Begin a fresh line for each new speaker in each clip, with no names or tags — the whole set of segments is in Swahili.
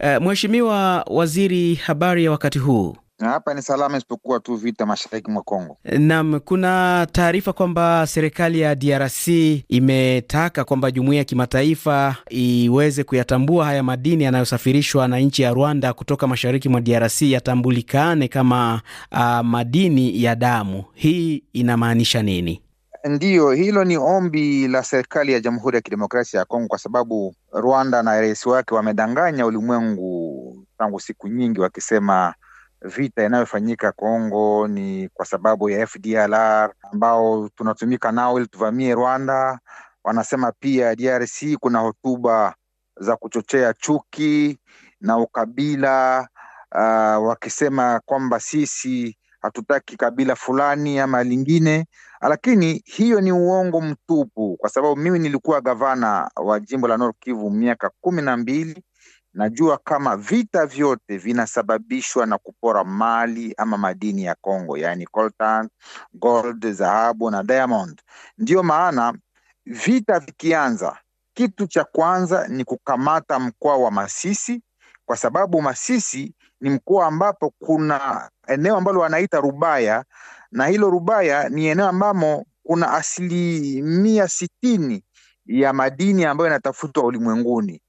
E, Mheshimiwa Waziri, habari ya wakati huu?
Hapa ni salama isipokuwa tu vita mashariki mwa Kongo.
Eh, naam, kuna taarifa kwamba serikali ya DRC imetaka kwamba jumuiya ya kimataifa iweze kuyatambua haya madini yanayosafirishwa na nchi ya Rwanda kutoka mashariki mwa DRC yatambulikane kama uh, madini ya damu. Hii inamaanisha nini?
Ndiyo, hilo ni ombi la serikali ya Jamhuri ya Kidemokrasia ya Kongo, kwa sababu Rwanda na rais wake wamedanganya ulimwengu tangu siku nyingi, wakisema vita inayofanyika Kongo ni kwa sababu ya FDLR ambao tunatumika nao ili tuvamie Rwanda. Wanasema pia DRC kuna hotuba za kuchochea chuki na ukabila, uh, wakisema kwamba sisi hatutaki kabila fulani ama lingine, lakini hiyo ni uongo mtupu, kwa sababu mimi nilikuwa gavana wa jimbo la North Kivu miaka kumi na mbili. Najua kama vita vyote vinasababishwa na kupora mali ama madini ya congo yani coltan, gold, dhahabu na diamond. Ndiyo maana vita vikianza, kitu cha kwanza ni kukamata mkoa wa Masisi, kwa sababu Masisi ni mkoa ambapo kuna eneo ambalo wanaita Rubaya, na hilo Rubaya ni eneo ambamo kuna asilimia sitini ya madini ambayo yanatafutwa ulimwenguni.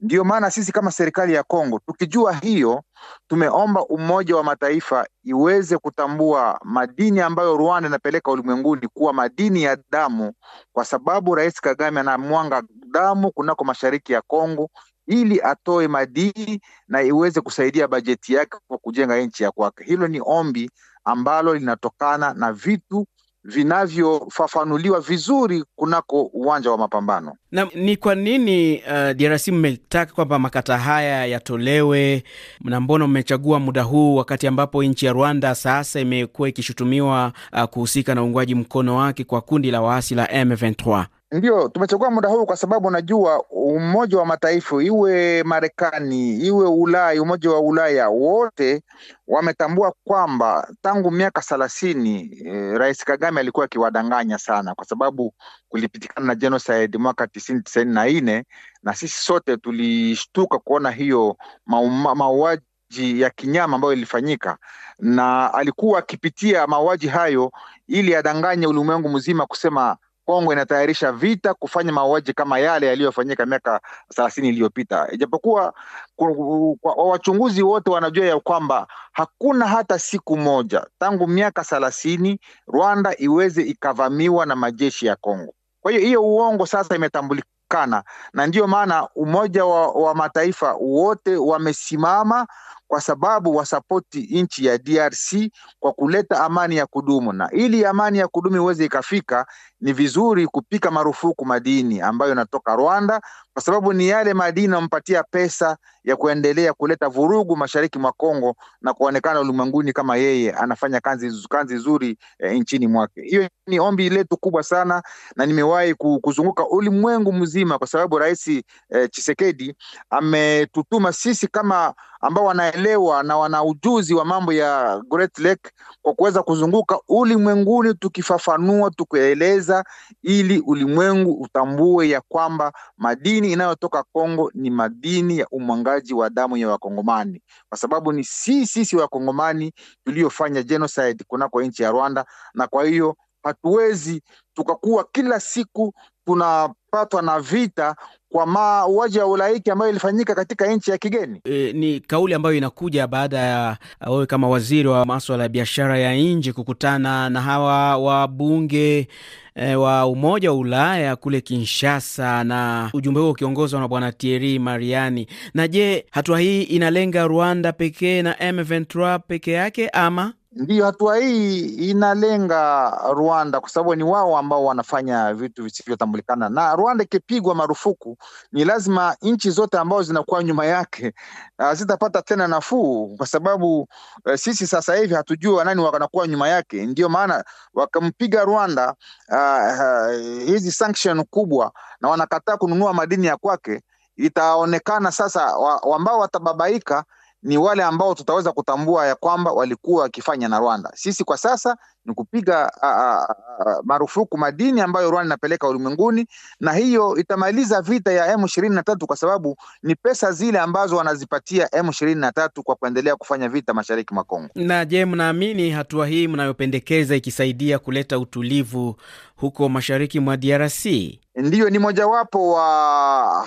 Ndiyo maana sisi kama serikali ya Kongo tukijua hiyo, tumeomba Umoja wa Mataifa iweze kutambua madini ambayo Rwanda inapeleka ulimwenguni kuwa madini ya damu, kwa sababu Rais Kagame anamwanga damu kunako mashariki ya Kongo ili atoe madini na iweze kusaidia bajeti yake kwa kujenga nchi ya kwake. Hilo ni ombi ambalo linatokana na vitu vinavyofafanuliwa vizuri kunako uwanja wa mapambano.
Na ni kwa nini uh, DRC mmetaka kwamba makata haya yatolewe, na mbona mmechagua muda huu wakati ambapo nchi ya Rwanda sasa imekuwa ikishutumiwa uh, kuhusika na uungwaji mkono wake kwa kundi la waasi la M23?
Ndio tumechagua muda huu kwa sababu najua Umoja wa Mataifa, iwe Marekani, iwe Ulaya, Umoja wa Ulaya, wote wametambua kwamba tangu miaka thelathini eh, Rais Kagame alikuwa akiwadanganya sana, kwa sababu kulipitikana na genocide mwaka tisini tisaini na nne na sisi sote tulishtuka kuona hiyo mauaji ya kinyama ambayo ilifanyika, na alikuwa akipitia mauaji hayo ili adanganye ulimwengu mzima kusema Kongo inatayarisha vita kufanya mauaji kama yale yaliyofanyika miaka thelathini iliyopita, ijapokuwa wachunguzi wote wanajua ya kwamba hakuna hata siku moja tangu miaka thelathini Rwanda iweze ikavamiwa na majeshi ya Kongo. Kwa hiyo hiyo uongo sasa imetambulikana, na ndiyo maana Umoja wa, wa Mataifa wote wamesimama kwa sababu wasapoti nchi ya DRC kwa kuleta amani ya kudumu, na ili amani ya kudumu iweze ikafika, ni vizuri kupika marufuku madini ambayo inatoka Rwanda, kwa sababu ni yale madini yanampatia pesa ya kuendelea kuleta vurugu mashariki mwa Kongo na kuonekana ulimwenguni kama yeye anafanya kazi, kazi nzuri e, nchini mwake. Hiyo ni ombi letu kubwa sana, na nimewahi kuzunguka ulimwengu mzima, kwa sababu Rais e, eh, Chisekedi ametutuma sisi kama ambao wanaelewa na wana ujuzi wa mambo ya Great Lake kwa kuweza kuzunguka ulimwenguni, tukifafanua tukieleza, ili ulimwengu utambue ya kwamba madini inayotoka Kongo ni madini ya umwangaji wa damu ya Wakongomani, kwa sababu ni sisi sisi Wakongomani tuliofanya genocide kunako nchi ya Rwanda, na kwa hiyo hatuwezi tukakuwa kila siku tuna kupatwa na vita kwa mauaji ya ulaiki ambayo ilifanyika katika nchi ya kigeni.
E, ni kauli ambayo inakuja baada ya wewe kama waziri wa maswala ya biashara ya nje kukutana na hawa wabunge e, wa Umoja wa Ulaya kule Kinshasa, na ujumbe huo ukiongozwa na Bwana Thierry Mariani. Na je, hatua hii inalenga Rwanda pekee na M23 peke yake ama
Ndiyo, hatua hii inalenga Rwanda kwa sababu ni wao ambao wanafanya vitu visivyotambulikana, na Rwanda ikipigwa marufuku, ni lazima nchi zote ambazo zinakuwa nyuma yake ah, zitapata tena nafuu, kwa sababu e, sisi sasa hivi hatujui wanani wanakuwa nyuma yake. ndio maana wakampiga Rwanda ah, ah, hizi uh, sanction kubwa, na wanakataa kununua madini ya kwake, itaonekana sasa ambao watababaika ni wale ambao tutaweza kutambua ya kwamba walikuwa wakifanya na Rwanda. Sisi kwa sasa ni kupiga marufuku madini ambayo Rwanda inapeleka ulimwenguni, na hiyo itamaliza vita ya M23 kwa sababu ni pesa zile ambazo wanazipatia M23 kwa kuendelea kufanya vita mashariki mwa Kongo.
Na je, mnaamini hatua hii mnayopendekeza ikisaidia kuleta utulivu huko mashariki mwa DRC?
Ndiyo, ni mojawapo wa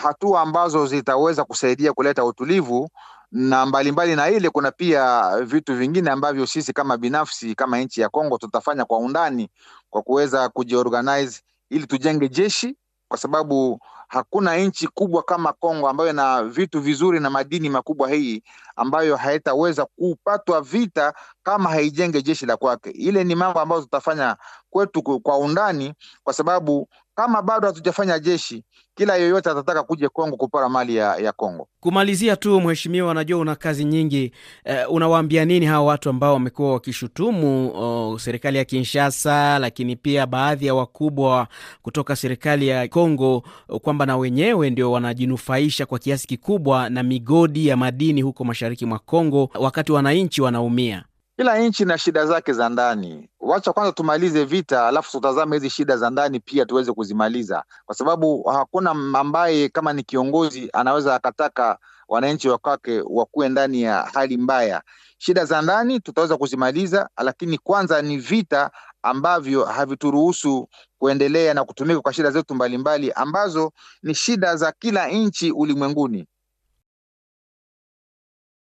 hatua ambazo zitaweza kusaidia kuleta utulivu na mbalimbali mbali na ile, kuna pia vitu vingine ambavyo sisi kama binafsi kama nchi ya Kongo tutafanya kwa undani kwa kuweza kujiorganize ili tujenge jeshi, kwa sababu hakuna nchi kubwa kama Kongo ambayo ina vitu vizuri na madini makubwa hii ambayo haitaweza kupatwa vita kama haijenge jeshi la kwake. Ile ni mambo ambayo tutafanya kwetu kwa undani, kwa sababu kama bado hatujafanya jeshi, kila yoyote atataka kuja Kongo kupora mali ya, ya Kongo.
Kumalizia tu, mheshimiwa, najua una kazi nyingi eh, unawaambia nini hawa watu ambao wamekuwa wakishutumu oh, serikali ya Kinshasa, lakini pia baadhi ya wakubwa kutoka serikali ya Kongo oh, kwamba na wenyewe ndio wanajinufaisha kwa kiasi kikubwa na migodi ya madini huko mashariki mwa Kongo, wakati wananchi wanaumia?
Kila nchi na shida zake za ndani. Wacha kwanza tumalize vita, alafu tutazame hizi shida za ndani pia tuweze kuzimaliza, kwa sababu hakuna ambaye kama ni kiongozi anaweza akataka wananchi wakwake wakuwe ndani ya hali mbaya. Shida za ndani tutaweza kuzimaliza, lakini kwanza ni vita ambavyo havituruhusu kuendelea na kutumika kwa shida zetu mbalimbali, ambazo ni shida za kila nchi ulimwenguni.